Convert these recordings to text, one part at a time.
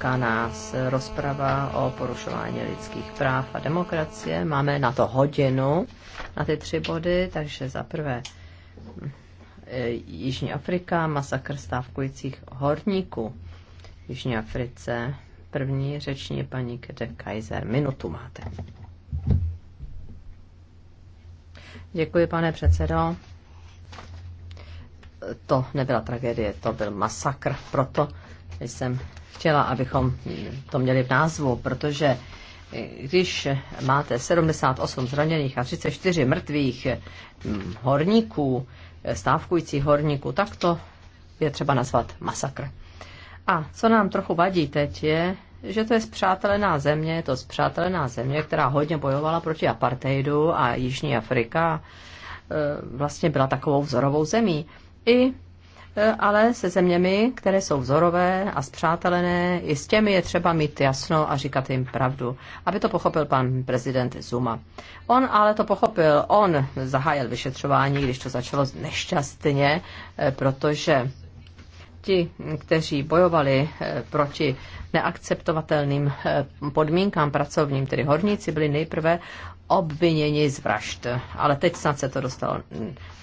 čeká nás rozprava o porušování lidských práv a demokracie. Máme na to hodinu, na ty tři body, takže za prvé eh, Jižní Afrika, masakr stávkujících horníků. V Jižní Africe první řeční paní Kede Kaiser. Minutu máte. Děkuji, pane předsedo. To nebyla tragédie, to byl masakr. Proto jsem chtěla, abychom to měli v názvu, protože eh, když máte 78 zraněných a 34 mrtvých hm, horníků, eh, stávkujících horníků, tak to je třeba nazvat masakr. A co nám trochu vadí teď je, že to je zpřátelená země, je to zpřátelená země, která hodně bojovala proti apartheidu a Jižní Afrika eh, vlastně byla takovou vzorovou zemí. I E, ale se zeměmi, které jsou vzorové a zpřátelené, i s těmi je třeba mít jasno a říkat jim pravdu, aby to pochopil pan prezident Zuma. On ale to pochopil, on zahájil vyšetřování, když to začalo nešťastně, e, protože ti, kteří bojovali e, proti neakceptovatelným podmínkám pracovním, tedy horníci, byli nejprve obviněni z vražd. Ale teď snad se to dostalo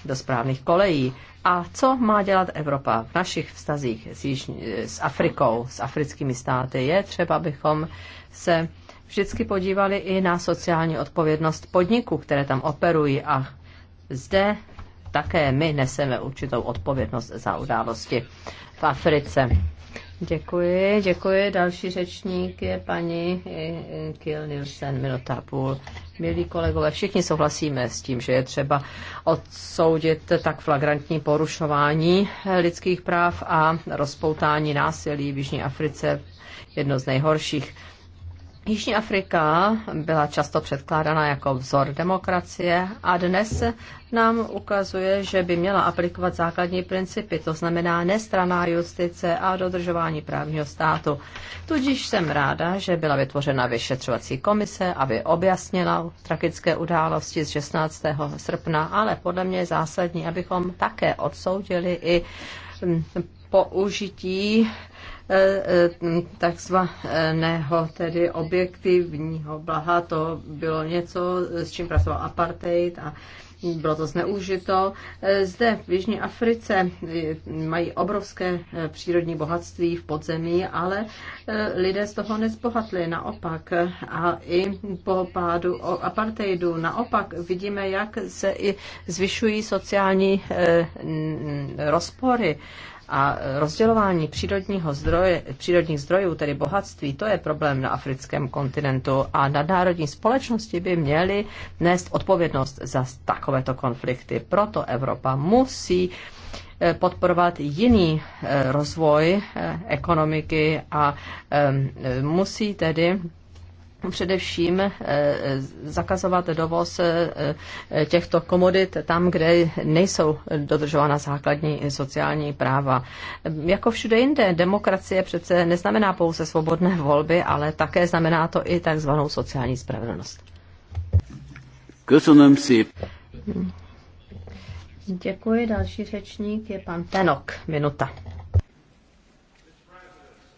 do správných kolejí. A co má dělat Evropa v našich vztazích s, Jižní, s Afrikou, s africkými státy? Je třeba, abychom se vždycky podívali i na sociální odpovědnost podniků, které tam operují a zde také my neseme určitou odpovědnost za události v Africe. Děkuji, děkuji. Další řečník je paní eh, eh, Kiel Nielsen, minuta půl. Milí kolegové, všichni souhlasíme s tím, že je třeba odsoudit tak flagrantní porušování eh, lidských práv a rozpoutání násilí v Jižní Africe, jedno z nejhorších Jižní Afrika byla často předkládána jako vzor demokracie a dnes nám ukazuje, že by měla aplikovat základní principy, to znamená nestraná justice a dodržování právního státu. Tudíž jsem ráda, že byla vytvořena vyšetřovací komise, aby objasnila tragické události z 16. srpna, ale podle mě je zásadní, abychom také odsoudili i mm, použití eh, eh, takzvaného tedy objektivního blaha, to bylo něco, s čím pracoval apartheid a bylo to zneužito. Eh, zde v Jižní Africe mají obrovské přírodní bohatství v podzemí, ale lidé z toho nezbohatli, naopak. A i po pádu apartheidu naopak vidíme, jak se i zvyšují sociální rozpory a rozdělování přírodního zdroje, přírodních zdrojů, tedy bohatství, to je problém na africkém kontinentu a nadnárodní společnosti by měly nést odpovědnost za takovéto konflikty. Proto Evropa musí eh, podporovat jiný eh, rozvoj eh, ekonomiky a musí tedy především eh, zakazovat dovoz eh, těchto komodit tam, kde nejsou dodržována základní sociální práva. Jako všude jinde, demokracie přece neznamená pouze svobodné volby, ale také znamená to i takzvanou sociální spravedlnost. Děkuji. Další řečník je pan Tenok. Minuta.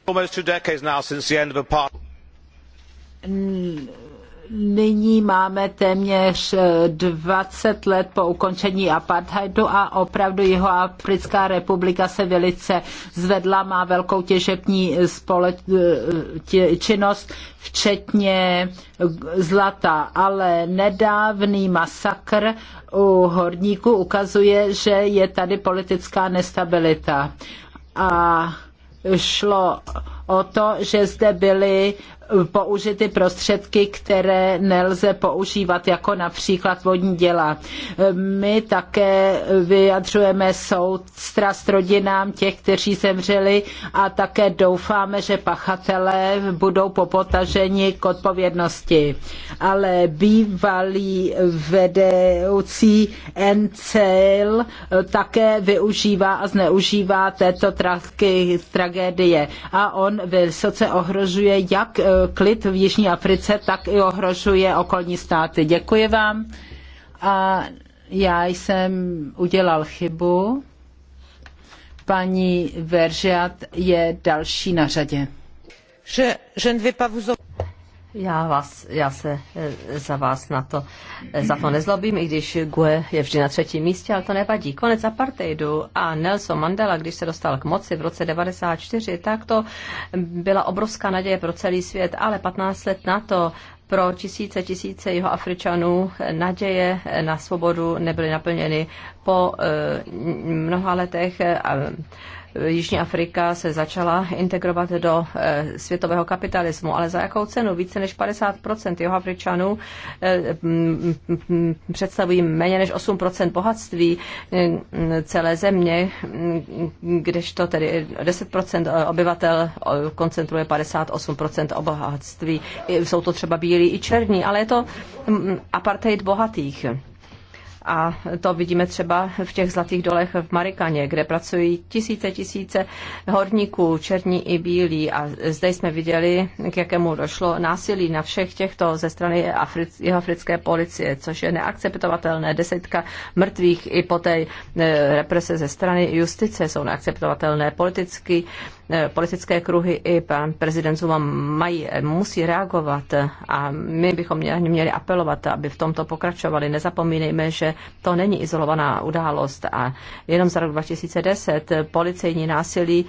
Almost two decades now since the end of apartheid nyní máme téměř 20 eh, let po ukončení apartheidu a opravdu jeho Africká republika se velice zvedla, má velkou těžební eh, eh, činnost, včetně zlata, ale nedávný masakr u horníků ukazuje, že je tady politická nestabilita. A šlo o to, že zde byly použity prostředky, které nelze používat, jako například vodní děla. My také vyjadřujeme soustrast rodinám těch, kteří zemřeli a také doufáme, že pachatelé budou popotaženi k odpovědnosti. Ale bývalý vedoucí NCL také využívá a zneužívá této tragédie a on vysoce ohrožuje jak e, klid v Jižní Africe, tak i ohrožuje okolní státy. Děkuji vám. A já jsem udělal chybu. Paní Veržiat je další na řadě. Já, vás, já se eh, za vás na to, eh, za to nezlobím, i když GUE je vždy na třetím místě, ale to nevadí. Konec apartheidu a Nelson Mandela, když se dostal k moci v roce 94, tak to byla obrovská naděje pro celý svět, ale 15 let na to pro tisíce tisíce jeho Afričanů eh, naděje na svobodu nebyly naplněny po mnoha letech Jižní Afrika se začala integrovat do eh, světového kapitalismu, ale za jakou cenu? Více než 50% Afričanů eh, představují méně než 8% bohatství eh, celé země, mm, kdežto tedy 10% obyvatel koncentruje 58% bohatství. Jsou to třeba bílí i černí, ale je to mm, apartheid bohatých. A to vidíme třeba v těch zlatých dolech v Marikaně, kde pracují tisíce, tisíce horníků, černí i bílí. A zde jsme viděli, k jakému došlo násilí na všech těchto ze strany Afric, africké policie, což je neakceptovatelné. Desítka mrtvých i po té e, represe ze strany justice jsou neakceptovatelné. Politicky Eh, politické kruhy i pan prezident Zuma mají, eh, musí reagovat a my bychom měli, měli apelovat, aby v tomto pokračovali. Nezapomínejme, že to není izolovaná událost a jenom za rok 2010 policejní násilí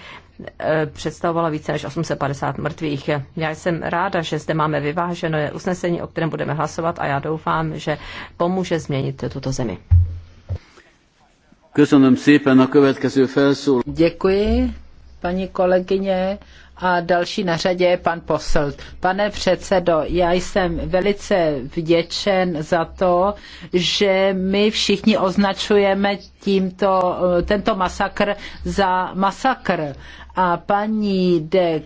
eh, představovala více než 850 mrtvých. Já jsem ráda, že zde máme vyvážené usnesení, o kterém budeme hlasovat a já doufám, že pomůže změnit tuto zemi. Děkuji paní kolegyně a další na řadě je pan posel. Pane předsedo, já jsem velice vděčen za to, že my všichni označujeme tímto, tento masakr za masakr. A paní de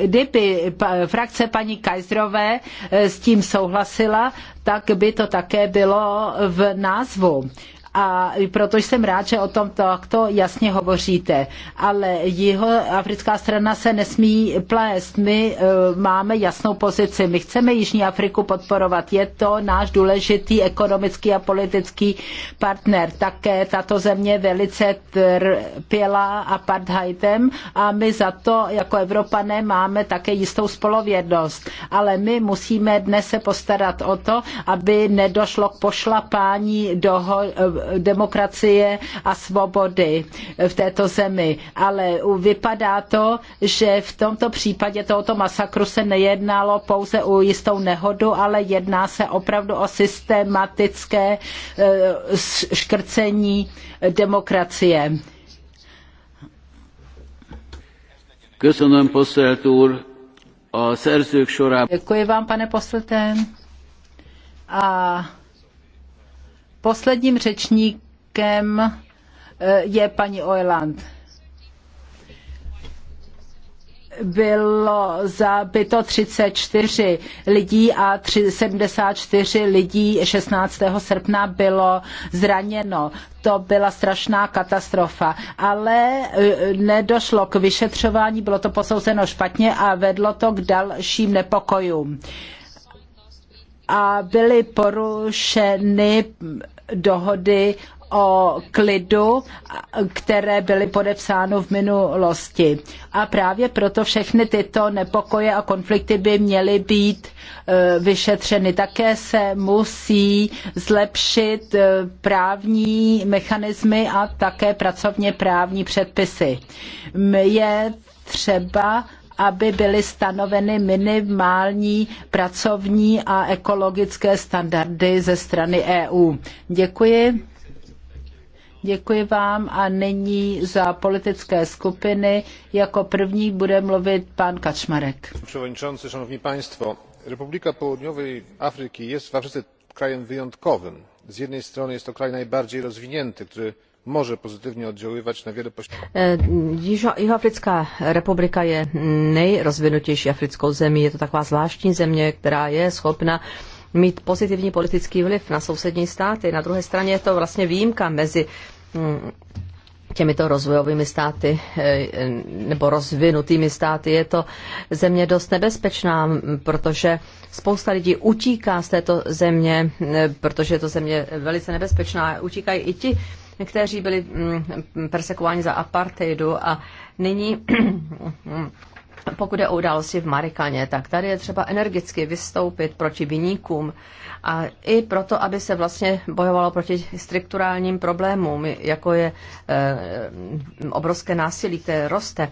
kdyby frakce paní Kajzrové eh, s tím souhlasila, tak by to také bylo v názvu a proto jsem rád, že o tom takto jasně hovoříte. Ale jeho africká strana se nesmí plést. My e, máme jasnou pozici. My chceme Jižní Afriku podporovat. Je to náš důležitý ekonomický a politický partner. Také tato země velice trpěla apartheidem a my za to jako Evropané máme také jistou spolovědnost. Ale my musíme dnes se postarat o to, aby nedošlo k pošlapání doho- demokracie a svobody v této zemi. Ale vypadá to, že v tomto případě tohoto masakru se nejednalo pouze o jistou nehodu, ale jedná se opravdu o systematické e, škrcení demokracie. Köszönöm, Posselt úr. A szerzők Děkuji vám, pane Posselten. A Posledním řečníkem eh, je paní Oiland. Bylo zabito 34 lidí a 74 lidí 16. srpna bylo zraněno. To byla strašná katastrofa, ale eh, nedošlo k vyšetřování, bylo to posouzeno špatně a vedlo to k dalším nepokojům a byly porušeny dohody o klidu, které byly podepsány v minulosti. A právě proto všechny tyto nepokoje a konflikty by měly být eh, vyšetřeny. Také se musí zlepšit eh, právní mechanismy a také pracovně právní předpisy. Je třeba aby byly stanoveny minimální pracovní a ekologické standardy ze strany EU. Děkuji. Děkuji vám a nyní za politické skupiny jako první bude mluvit pan Kaczmarek. Przewodniczący, szanowni państwo, Republika Południowej Afryki jest w Afryce krajem wyjątkowym. Z jednej strony jest to kraj najbardziej rozwinięty, który może pozytywnie oddziaływać na wiele e, Jihoafrická republika je nejrozvinutější africkou zemí. Je to taková zvláštní země, která je schopna mít pozitivní politický vliv na sousední státy. Na druhé straně je to vlastně výjimka mezi mm, těmito rozvojovými státy e, nebo rozvinutými státy. Je to země dost nebezpečná, protože spousta lidí utíká z této země, e, protože je to země velice nebezpečná. Utíkají i ti, kteří byli mm, persekováni za apartheidu a nyní pokud je o události v Marikaně, tak tady je třeba energicky vystoupit proti vyníkům a i proto, aby se vlastně bojovalo proti strukturálním problémům, jako je e, obrovské násilí, které roste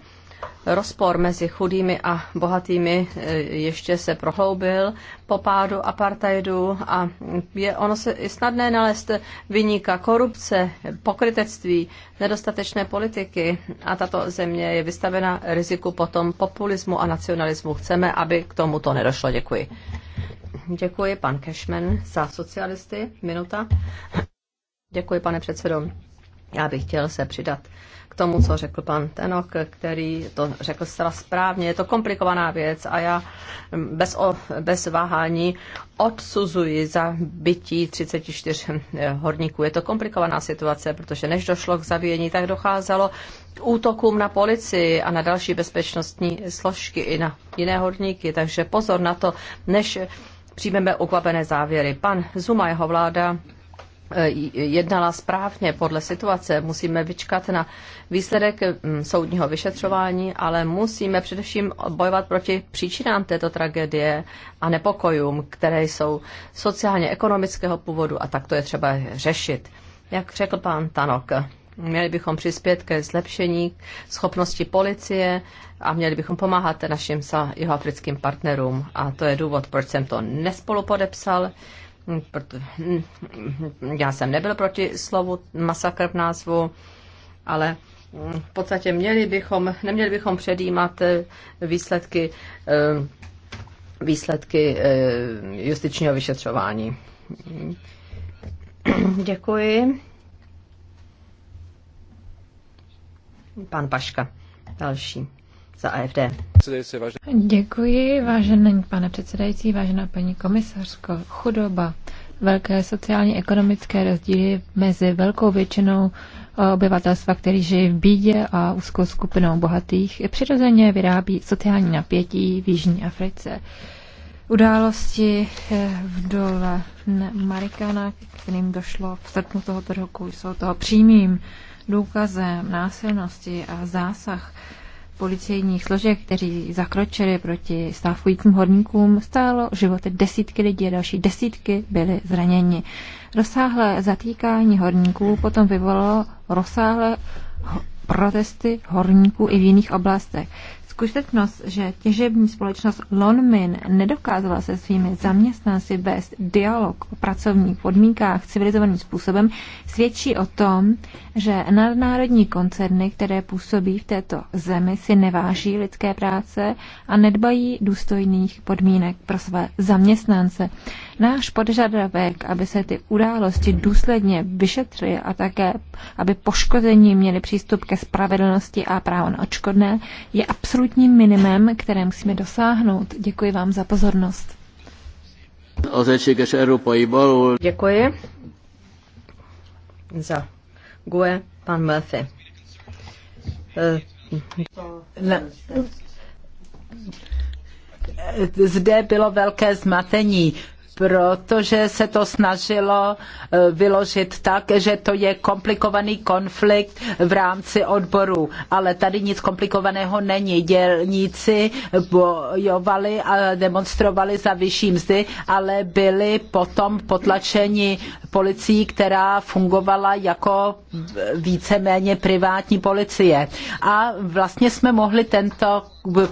rozpor mezi chudými a bohatými eh, ještě se prohloubil po pádu apartheidu a je ono se i snadné nalézt vyníka korupce, pokrytectví, nedostatečné politiky a tato země je vystavena riziku potom populismu a nacionalismu. Chceme, aby k tomu to nedošlo. Děkuji. Děkuji, pan Cashman za socialisty. Minuta. Děkuji, pane předsedo. Já bych chtěl se přidat tomu, co řekl pan Tenok, který to řekl zcela správně. Je to komplikovaná věc a já mm, bez, o, bez váhání odsuzuji za bytí 34 eh, horníků. Je to komplikovaná situace, protože než došlo k zavíjení, tak docházelo k útokům na policii a na další bezpečnostní složky i na jiné horníky. Takže pozor na to, než přijmeme ukvapené závěry. Pan Zuma, jeho vláda E, jednala správně podle situace. Musíme vyčkat na výsledek mm, soudního vyšetřování, ale musíme především bojovat proti příčinám této tragédie a nepokojům, které jsou sociálně ekonomického původu a tak to je třeba řešit. Jak řekl pán Tanok, měli bychom přispět ke zlepšení schopnosti policie a měli bychom pomáhat našim jihoafrickým partnerům. A to je důvod, proč jsem to nespolupodepsal. podepsal Hm, hm, já jsem nebyl proti slovu masakr v názvu, ale hm, v podstatě měli bychom, neměli bychom předjímat eh, výsledky, eh, výsledky eh, justičního vyšetřování. Děkuji. Pan Paška, další za AFD. Děkuji, vážený pane předsedající, vážená paní komisařko. Chudoba, velké sociálně ekonomické rozdíly mezi velkou většinou eh, obyvatelstva, který žije v bídě a úzkou skupinou bohatých, přirozeně vyrábí sociální napětí v Jižní Africe. Události eh, v dole Marikana, kterým došlo v srpnu tohoto roku, jsou toho přímým důkazem násilnosti a zásah policejních složek, kteří zakročili proti stávkujícím horníkům, stálo životy desítky lidí a další desítky byly zraněni. Rozsáhlé zatýkání horníků potom vyvolalo rozsáhlé protesty horníků i v jiných oblastech. Skutečnost, že těžební společnost Lonmin nedokázala se svými zaměstnanci vést dialog o pracovních podmínkách civilizovaným způsobem, svědčí o tom, že nadnárodní koncerny, které působí v této zemi, si neváží lidské práce a nedbají důstojných podmínek pro své zaměstnance. Náš požadavek, aby se ty události důsledně vyšetřily a také, aby poškození měli přístup ke spravedlnosti a právo na odškodné, je absolutním minimem, které musíme dosáhnout. Děkuji vám za pozornost. Děkuji. Za GUE pan Murphy. Ne. Zde bylo velké zmatení protože se to snažilo eh, vyložit tak, že to je komplikovaný konflikt v rámci odboru. Ale tady nic komplikovaného není. Dělníci bojovali a demonstrovali za vyšší mzdy, ale byli potom potlačeni policií, která fungovala jako víceméně privátní policie. A vlastně jsme mohli tento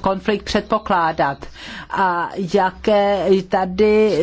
konflikt předpokládat. A jaké tady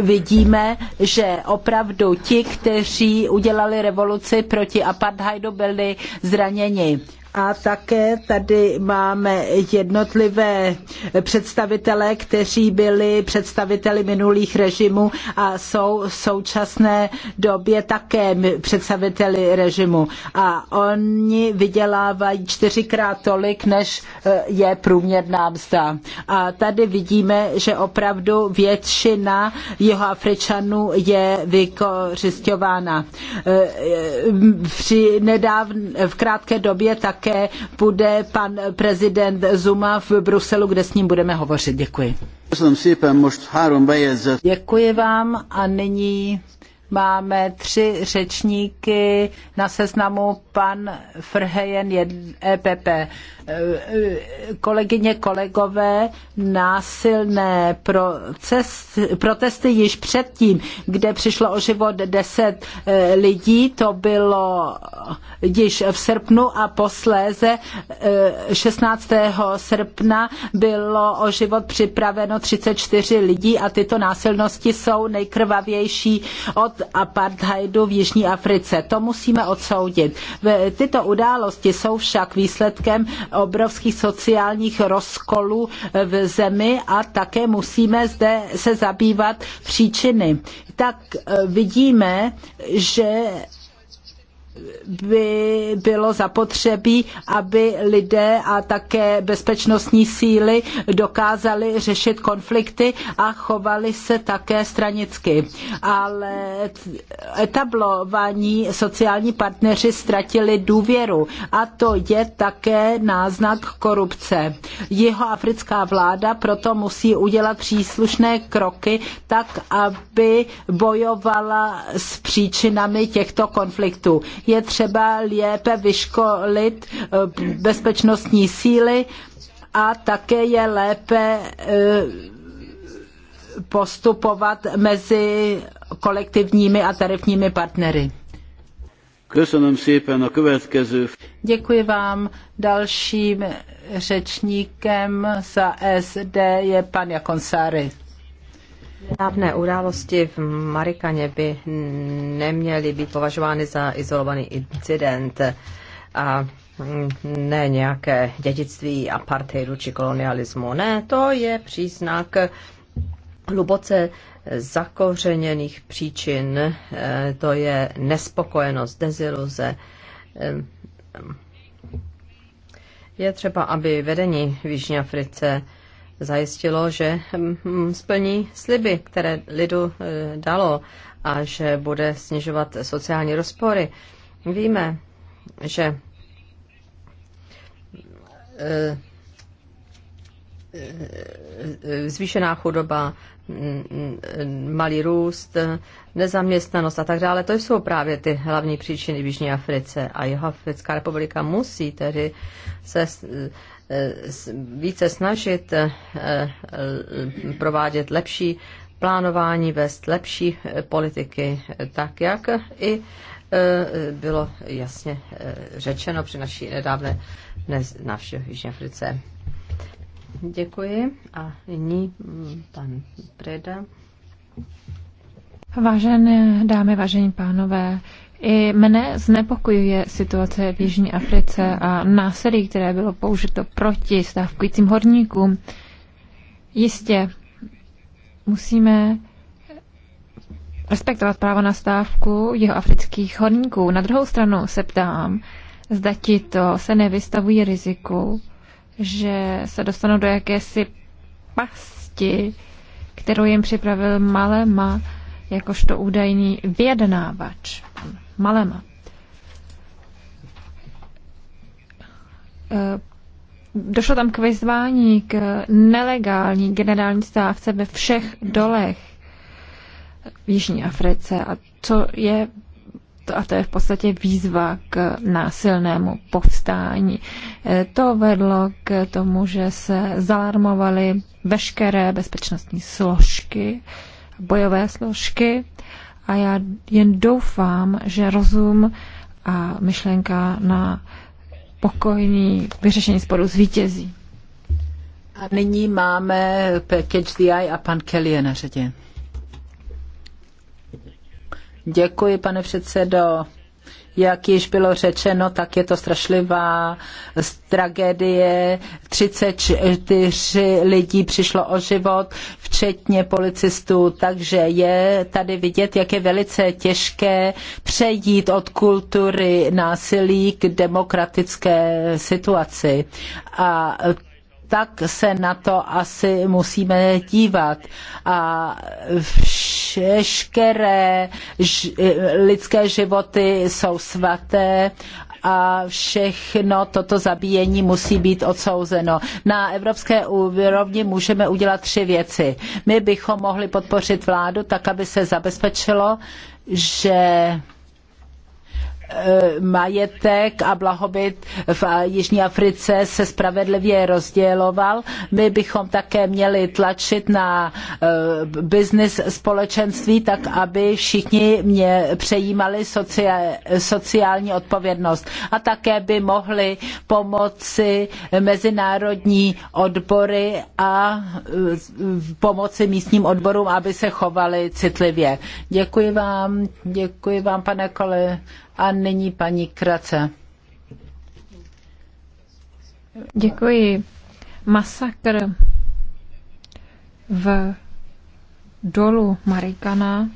vidíme, že opravdu ti, kteří udělali revoluci proti apartheidu, byli zraněni a také tady máme jednotlivé představitele, kteří byli představiteli minulých režimů a jsou v současné době také představiteli režimu. A oni vydělávají čtyřikrát tolik, než e, je průměrná mzda. A tady vidíme, že opravdu většina Afričanů je vykořišťována. E, e, při nedávn, v krátké době tak také bude pan prezident Zuma v Bruselu, kde s ním budeme hovořit. Děkuji. Děkuji vám a nyní Máme tři řečníky na seznamu pan Frhejen EPP. E eh, kolegyně, kolegové, násilné proces, protesty již předtím, kde přišlo o život deset eh, lidí, to bylo již v srpnu a posléze 16. Eh, srpna bylo o život připraveno 34 lidí a tyto násilnosti jsou nejkrvavější od apartheidu v Jižní Africe. To musíme odsoudit. Tyto události jsou však výsledkem obrovských sociálních rozkolů v zemi a také musíme zde se zabývat příčiny. Tak eh, vidíme, že by bylo zapotřebí, aby lidé a také bezpečnostní síly dokázali řešit konflikty a chovali se také stranicky. Ale etablování sociální partneři ztratili důvěru a to je také náznak korupce. Jeho africká vláda proto musí udělat příslušné kroky tak, aby bojovala s příčinami těchto konfliktů je třeba lépe vyškolit eh, bezpečnostní síly a také je lépe eh, postupovat mezi kolektivními a tarifními partnery. Děkuji vám. Dalším řečníkem za SD je pan Jakonsáry. Nedávné události v Marikaně by neměly být považovány za izolovaný incident a ne nějaké dědictví apartheidu či kolonialismu. Ne, to je příznak hluboce zakořeněných příčin. E, to je nespokojenost, deziluze. E, je třeba, aby vedení v Jižní Africe zajistilo, že hm, hm, splní sliby, které lidu eh, dalo a že bude snižovat sociální rozpory. Víme, že eh, zvýšená chudoba, malý růst, nezaměstnanost a tak dále. To jsou právě ty hlavní příčiny v Jižní Africe a jeho Africká republika musí tedy se více snažit eh, provádět lepší plánování, vést lepší politiky, tak jak i eh, bylo jasně eh, řečeno při naší nedávné návštěvě v Jižní Africe. Děkuji. A nyní mm, pan Preda. Vážené dámy, vážení pánové, i mne znepokojuje situace v Jižní Africe a násilí, které bylo použito proti stávkujícím horníkům. Jistě musíme respektovat právo na stávku jeho afrických horníků. Na druhou stranu se ptám, zda ti to se nevystavují riziku, že se dostanou do jakési pasti, kterou jim připravil Malema jakožto údajný vyjednávač. Malema. Eh, došlo tam k vyzvání k nelegální generální stávce ve všech dolech v Jižní Africe. A co je a to je v podstatě výzva k násilnému povstání. E, to vedlo k tomu, že se zalarmovaly veškeré bezpečnostní složky, bojové složky a já jen doufám, že rozum a myšlenka na pokojní vyřešení sporu zvítězí. A nyní máme Package DI a pan Kelly je na řadě. Děkuji, pane předsedo. Jak již bylo řečeno, tak je to strašlivá tragédie. 34 lidí přišlo o život, včetně policistů, takže je tady vidět, jak je velice těžké přejít od kultury násilí k demokratické situaci. A tak se na to asi musíme dívat. A vš- veškeré lidské životy jsou svaté a všechno toto zabíjení musí být odsouzeno. Na evropské úrovni můžeme udělat tři věci. My bychom mohli podpořit vládu tak, aby se zabezpečilo, že Eh, majetek a blahobyt v Jižní Africe se spravedlivě rozděloval. My bychom také měli tlačit na eh, biznis společenství tak, aby všichni mě přejímali sociální odpovědnost. A také by mohli pomoci mezinárodní odbory a eh, pomoci místním odborům, aby se chovali citlivě. Děkuji vám, děkuji vám, pane kole a nyní paní Krace. Děkuji. Masakr v dolu Marikana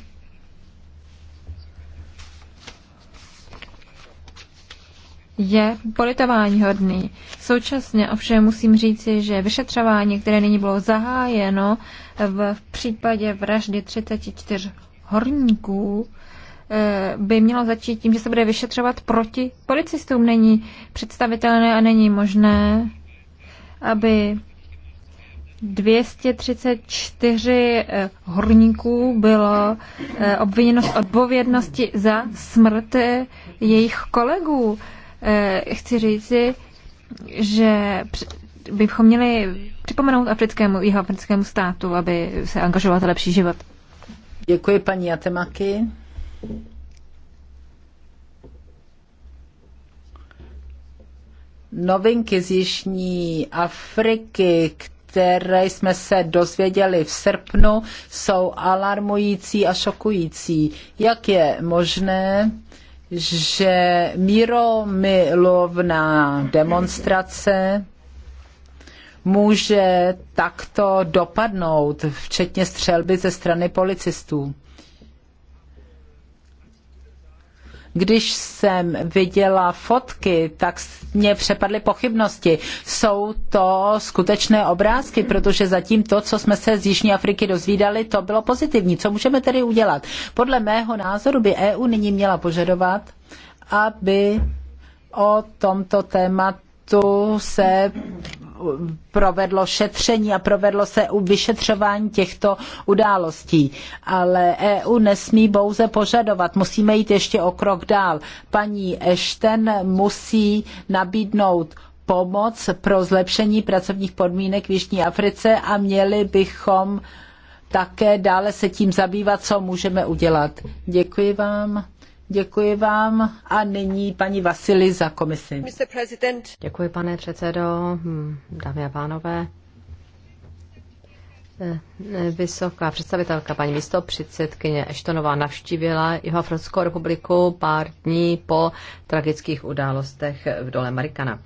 je politování hodný. Současně ovšem musím říci, že vyšetřování, které nyní bylo zahájeno v případě vraždy 34 horníků, Eh, by mělo začít tím, že se bude vyšetřovat proti policistům. Není představitelné a není možné, aby 234 eh, horníků bylo eh, obviněno z odpovědnosti za smrt jejich kolegů. Chci říci, že bychom měli připomenout africkému, africkému státu, aby se angažoval za lepší život. Děkuji paní Atemaky. Novinky z Jižní Afriky, které jsme se dozvěděli v srpnu, jsou alarmující a šokující. Jak je možné, že míromilovná demonstrace může takto dopadnout, včetně střelby ze strany policistů. Když jsem viděla fotky, tak mě přepadly pochybnosti. Jsou to skutečné obrázky, protože zatím to, co jsme se z Jižní Afriky dozvídali, to bylo pozitivní. Co můžeme tedy udělat? Podle mého názoru by EU nyní měla požadovat, aby o tomto tématu se provedlo šetření a provedlo se u vyšetřování těchto událostí. Ale EU nesmí pouze požadovat, musíme jít ještě o krok dál. Paní Ashton musí nabídnout pomoc pro zlepšení pracovních podmínek v Jižní Africe a měli bychom také dále se tím zabývat, co můžeme udělat. Děkuji vám. Děkuji vám a nyní paní Vasily za komisi. Děkuji, pane předsedo, hm, dámy a pánové. Eh, eh, vysoká představitelka paní místo předsedkyně Eštonová navštívila Jihoafrickou republiku pár dní po tragických událostech v dole Marikana.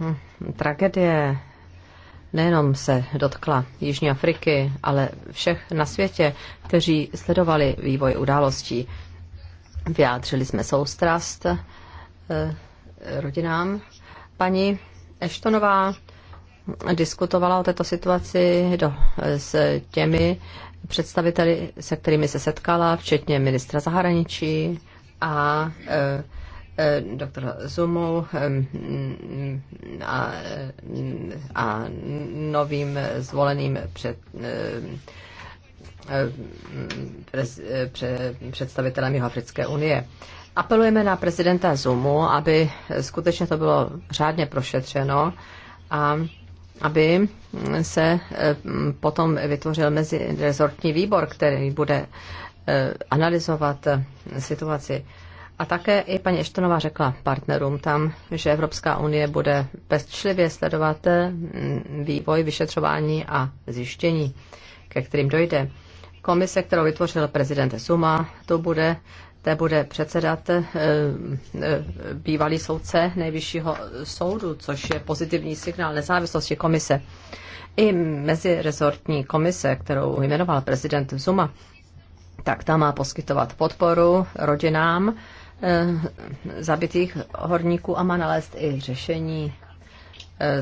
Hm, Tragedie nejenom se dotkla Jižní Afriky, ale všech na světě, kteří sledovali vývoj událostí. Vyjádřili jsme soustrast eh, rodinám. Paní Eštonová diskutovala o této situaci do, s těmi představiteli, se kterými se setkala, včetně ministra zahraničí a e, doktora Zumou mm, a, a novým zvoleným před, představitelem Jihoafrické unie. Apelujeme na prezidenta Zumu, aby skutečně to bylo řádně prošetřeno a aby se mm, potom vytvořil mezirezortní výbor, který bude eh, analyzovat eh, situaci. A také i paní Eštonová řekla partnerům tam, že Evropská unie bude pečlivě sledovat eh, mm, vývoj, vyšetřování a zjištění, ke kterým dojde. Komise, kterou vytvořil prezident Zuma, to bude to bude předsedat eh, eh, bývalý soudce nejvyššího soudu, což je pozitivní signál nezávislosti komise. I meziresortní komise, kterou jmenoval prezident Zuma, tak ta má poskytovat podporu rodinám eh, zabitých horníků a má nalézt i řešení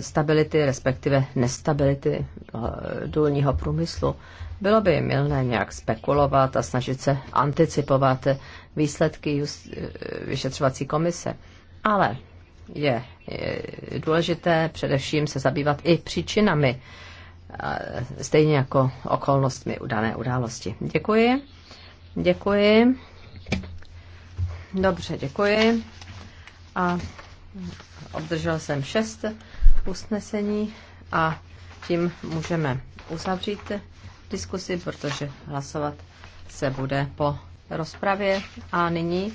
stability, respektive nestability eh, důlního průmyslu. Bylo by milné nějak spekulovat a snažit se anticipovat výsledky eh, vyšetřovací komise. Ale je eh, důležité především se zabývat i příčinami, stejně jako okolnostmi dané události. Děkuji. Děkuji. Dobře, děkuji. A obdržel jsem šest usnesení a tím můžeme uzavřít diskusi, protože hlasovat se bude po rozpravě. A nyní